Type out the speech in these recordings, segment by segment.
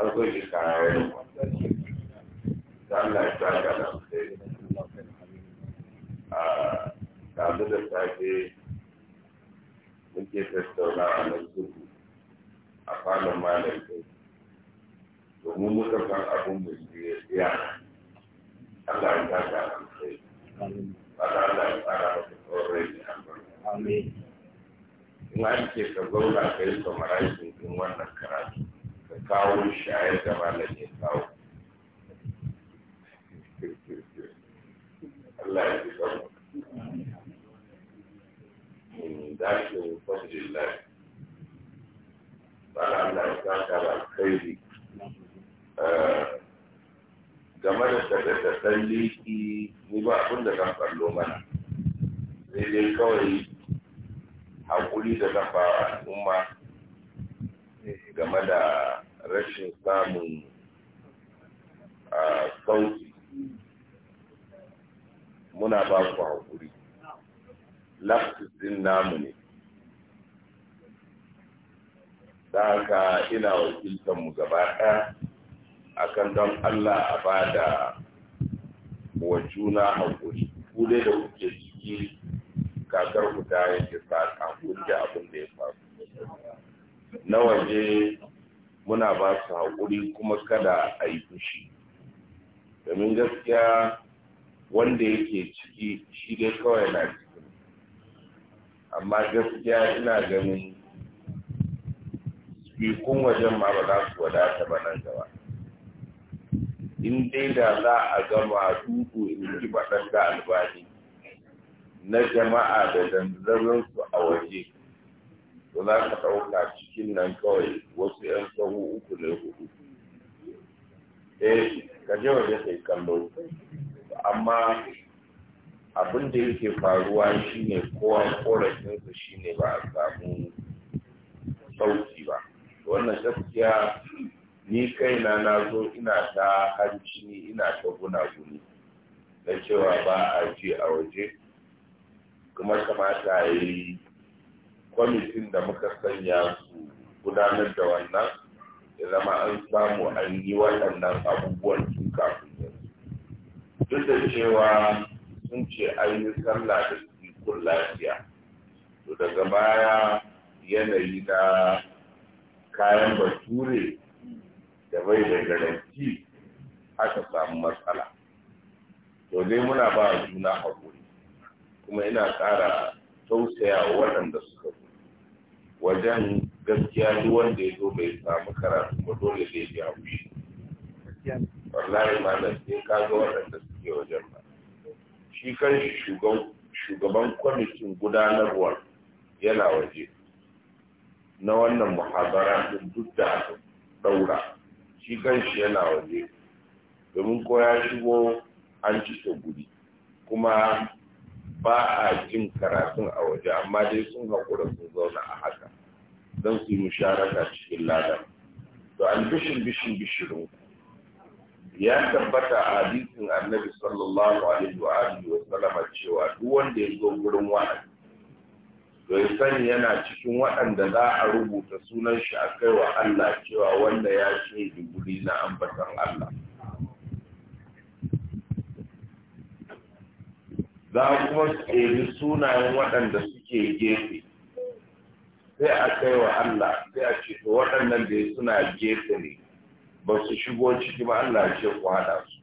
akwai yi kayan da Allah ya sa ga nan a tabi da safe muke tattaunawa na zuku a falon malam kai domin muka san abin mu ya tsaya Allah ya sa ga nan ba da Allah ya fara maka tsoron ne a in an ce ka zauna ka yi wannan karatu kawo shayar da malam ya kawo Allah ya ji kawo dakin fasirin lafi ba Allah ya saka kai bi. Eh, game da tattattattun liki ni ba abin da zan fallo mana sai dai kawai haƙuri da zan ba al'umma game da rashin samun sauti muna ba ku haƙuri lapsus din namu ne da haka ina wakiltanmu gaba ɗaya a kan don allah a ba da wa juna haƙuri kule da kuke ciki kakar ku ta yanke sa kafin da abin da ya faru na waje muna ba su haƙuri kuma kada a yi fushi domin gaskiya wanda yake ciki shi dai kawai na cikin amma gaskiya ina ganin bikun wajen ma ba za su wadata ba nan gaba in dai da za a gama duku in ji faɗar da albani na jama'a da su a waje to za ka ɗauka cikin nan kawai wasu ‘yan sahu uku ne hudu. Eh, ka je waje sai kallo, amma abin da yake faruwa shi ne kowa shi ne ba a samu sauki ba. Wannan gaskiya ni kaina na zo ina ta hanci ni ina ta guna-guni na cewa ba a ji a waje, kuma kamata a yi kwamitin da muka sanya su gudanar da wannan ya zama an samu an yi waɗannan abubuwan tun kafin yanzu duk da cewa sun ce an yi sallah da ikon lafiya to daga baya yanayi na kayan bature da bai da garanti aka samu matsala to dai muna ba juna haƙuri kuma ina ƙara tausaya waɗanda suka fi wajen gaskiya duk wanda ya zo bai samu karatu ba dole zai ji haushi wallahi malam sai ka ga waɗanda suke wajen ba shi kan shugaban kwamitin gudanarwa yana waje na wannan muhabara duk da ɗaura shi kan shi yana waje domin ko ya shigo an ci guri kuma ba a jin karatun a waje amma dai sun haƙura sun zauna a haka don su yi musharaka cikin lada to an bishin bishirin ya tabbata a hadisin annabi sallallahu alaihi wa alihi wa sallama cewa duk wanda ya zo gurin wa'azi to ya sani yana cikin waɗanda za a rubuta sunan shi a kai wa Allah cewa wanda ya ce guri na ambatan Allah za kuma ɗebi sunayen waɗanda suke gefe sai a kai wa Allah sai a ce to waɗannan da suna gefe ne ba su shigo ciki ba Allah ce ku hada su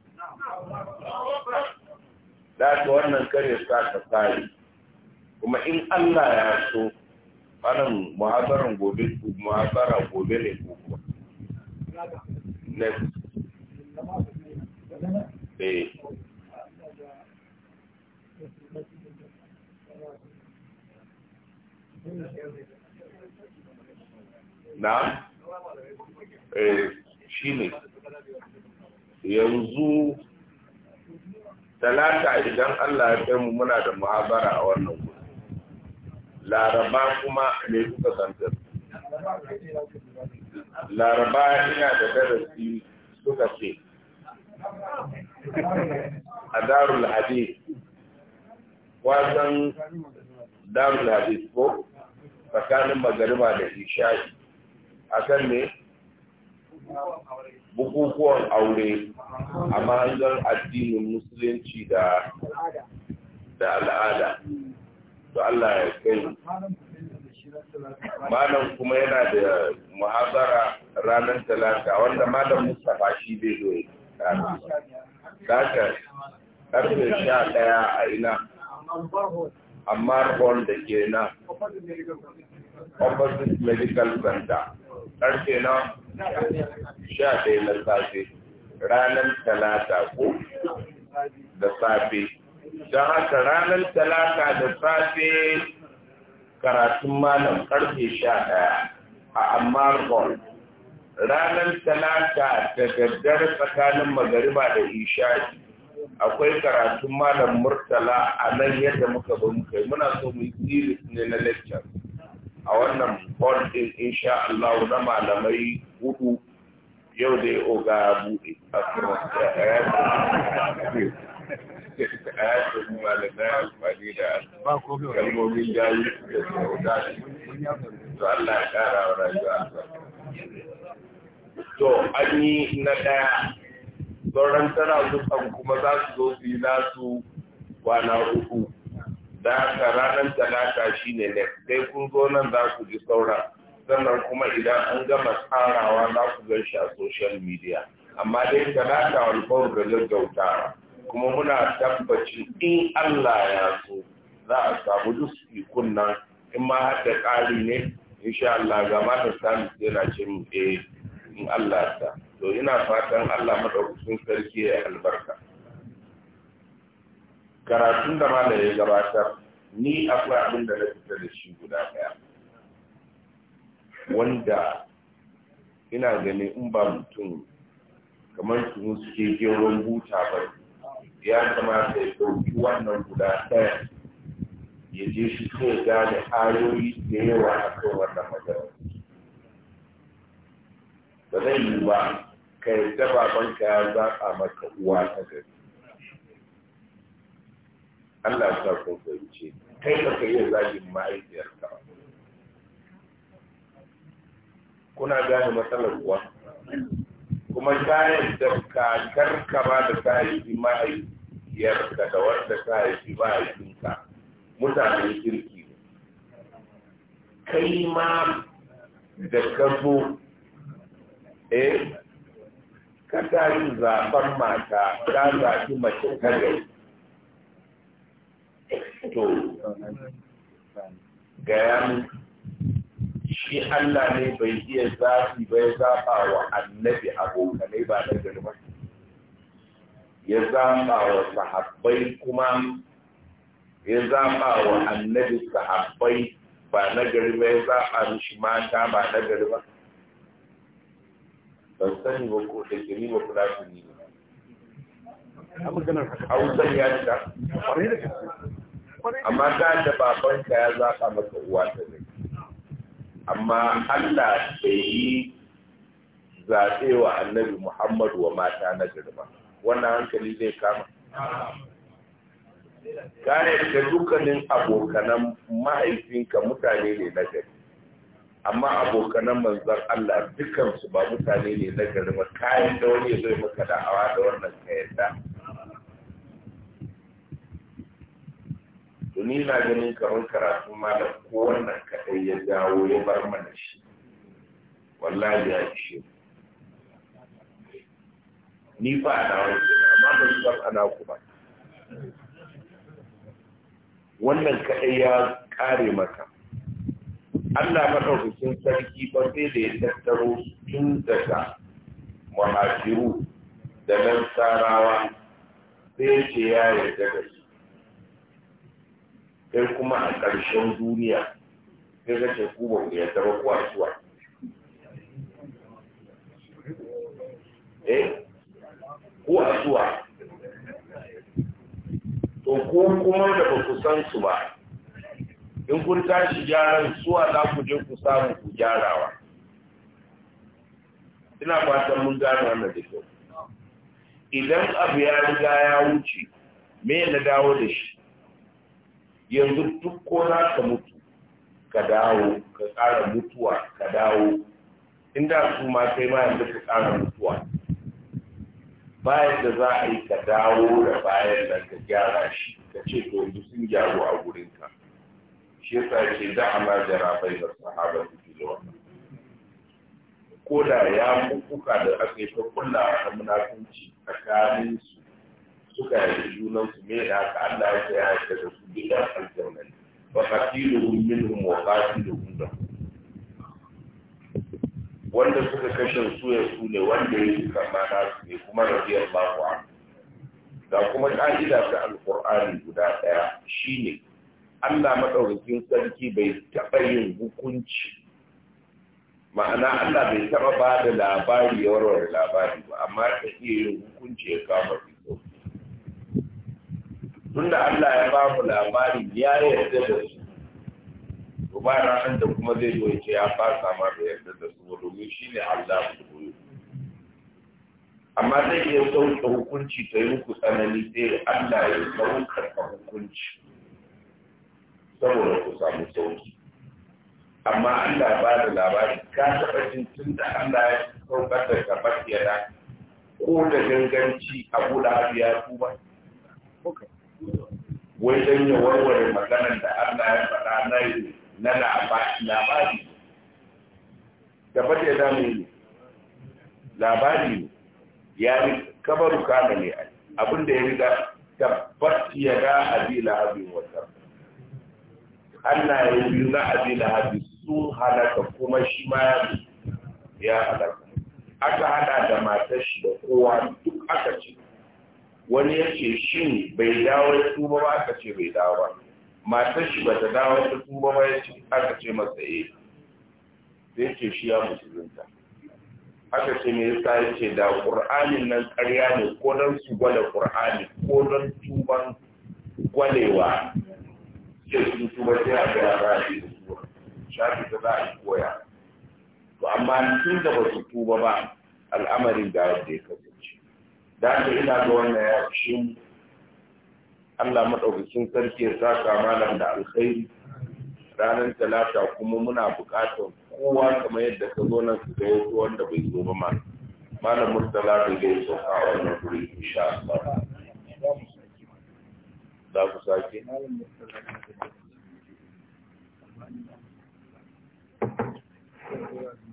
da ta wannan kare sa ka tsari kuma in Allah ya so wannan muhabaran gobe muhabara gobe ne ko kuma next eh. na eh, yanzu talata idan Allah ya mu muna da muhabara a wannan gudu laraba kuma ne kuka zantar laraba ina da darasi suka ce a darul hadith wasan darul hadith ko tsakanin magariba da ishaki. akan ne bukukuwan aure a mahangar addinin musulunci da al'ada da Allah ya kai malam kuma yana da muhabara ranar talata wanda malam mustapha shi bai zo ya karfe sha ɗaya a ina amma pond da ke nan opposite medical center ƙarfe na sha ɗaya na safe ranar talata ko da safe don haka ranar talata da safe karatun malam ƙarfe sha ɗaya a Amar hall ranar talata da daddare tsakanin magariba da isha'i akwai karatun malam murtala a nan yadda muka ba muka muna so mu yi series ne na lecture a wannan hall din insha Allah na malamai hudu yau da ya oga buɗe a kuma ayatun malamai amfani da kalmomin jayi da sauda to Allah ya kara wa rayuwa to an yi na ɗaya sauran tara dukkan kuma za su zo su yi nasu kwana uku da haka ranar talata shi ne ne sai kun zo nan za ku ji saura sannan kuma idan an gama tsarawa za ku gan shi a social media amma dai talata alfawar da gaggautawa kuma muna tabbaci in Allah ya so za a samu duk ikun nan in ma har da ƙari ne insha Allah gama da sami yana cin eh, in Allah ta. to ina fatan Allah madaukakin sarki ya albarka karatun da malam ya gabatar ni akwai abin da na fita da shi guda daya wanda ina gani in ba mutum kamar su suke girman buta ba ya kamata ya ɗauki wannan guda daya ya je shi kai gane ayoyi da yawa a kan wannan magana ba zai yi ba ka baban ka ya zaɓa maka uwa ta gari Allah ya kun kai ka ka iya zagin ma'aikiyar ba kuna gane matsalar uwa kuma kayan da kakar ka da kayayyaki ma'aikiyar ka da wanda kayayyaki ka mutanen kirki ne kai ma da ka eh ka tashi zaɓen mata ka zaɓi mace ta gari to gaya shi Allah ne bai iya zafi ba ya zaɓa wa annabi abokanai ba na gari ba ya zaɓa wa sahabbai kuma ya zaɓa wa annabi sahabbai ba na gari ba ya zaɓa mishi mata ba na gari ba ban sani ba ko da ke nima fulashin ne a maganar hausar ya shiga amma da da babanka ya zaɓa maka uwa ta ne amma Allah bai yi zaɓe wa annabi Muhammadu wa mata na girma wannan hankali zai kama kare da dukkanin abokanan mahaifinka mutane ne na gari amma abokanan manzan Allah dukansu ba mutane ne na gari ba kayan da wani zai maka da'awa da wannan kayan da na ganin kamar karatu ma ko wannan kadai ya dawo ya bar mana shi wallahi ya ishe ni ba a wani amma ban san ana ku ba wannan kadai ya kare maka Allah maɗaukakin sarki ba sai da ya tattaro tun daga mahajiru da nan sarawa sai ce ya yarda da shi. sai kuma a ƙarshen duniya sai ga ce ku ba ku kuwa suwa eh ko a suwa to ko kuma da ba ku san su ba in kun tashi gyaran suwa za ku je ku samu ku gyarawa ina fatan mun gano wannan da kyau idan abu ya riga ya wuce me na dawo da shi yanzu duk ko za ka mutu ka dawo ka ƙara mutuwa ka dawo inda su ma kai ma yanzu ka ƙara mutuwa bayan da za a yi ka dawo da bayan da ka gyara shi ka ce to yanzu sun gyaru a gurinka shi yasa yake da ma jara bai da sahaba su ke zuwa ko da ya kuka da aka yi ta kulla a munafunci tsakanin su suka yi junan su me da aka Allah ya ya yarda da su bi da aljanna wa qatiluhum minhum wa qatiluhum da wanda suka kashe su ya su ne wanda ya yi kama na su ne kuma radiyallahu anhu da kuma ka'ida ta alkur'ani guda daya shine Allah maɗaukakin sarki bai taɓa yin hukunci ma'ana Allah bai taɓa ba da labari ya warware labari ba amma ta iya yin hukunci ya kama fito tunda Allah ya ba mu labari ya yarda da su to ba ranar da kuma zai zo ce ya ba sama da yarda da su domin shi ne Allah goyo amma zai iya sauke hukunci ta yi muku tsanani sai Allah ya saukar hukunci saboda ku samu sauki amma da ba da labari ka taɓa jin tun da an da saukar da gabar da ko da ganganci abu da abu ya tuba wai don ya warware maganar da Allah ya faɗa na yi na labari gabar yana ne labari ne ya yi kabaru kana ne abin da ya riga da ya ga abi abin wata hannaye biyu na abi lahabi sun halaka kuma shi ma ya halaka aka hada da matar shi da kowa duk aka ce wani ya ce shi bai dawo ya tuba ba aka ce bai dawo ba matar shi ba ta dawo ta tuba ba ya ce aka ce masa eh sai ce shi ya musulunta aka ce me yasa ya ce da qur'anin nan ƙarya ne ko don su gwada qur'ani ko don tuban gwalewa ce sun sai a ga za a yi tuba shafi ta za a yi koya to amma tun da ba su tuba ba al'amarin ga da ya kasance da ta ina ga wannan ya shi Allah maɗaukakin sarki ya saka malam da alkhairi ranar talata kuma muna buƙatar kowa kamar yadda ka zo nan su ga wasu wanda bai zo ba ma malam murtala da ya sauka a wannan guri insha Allah za ku sake Thank you.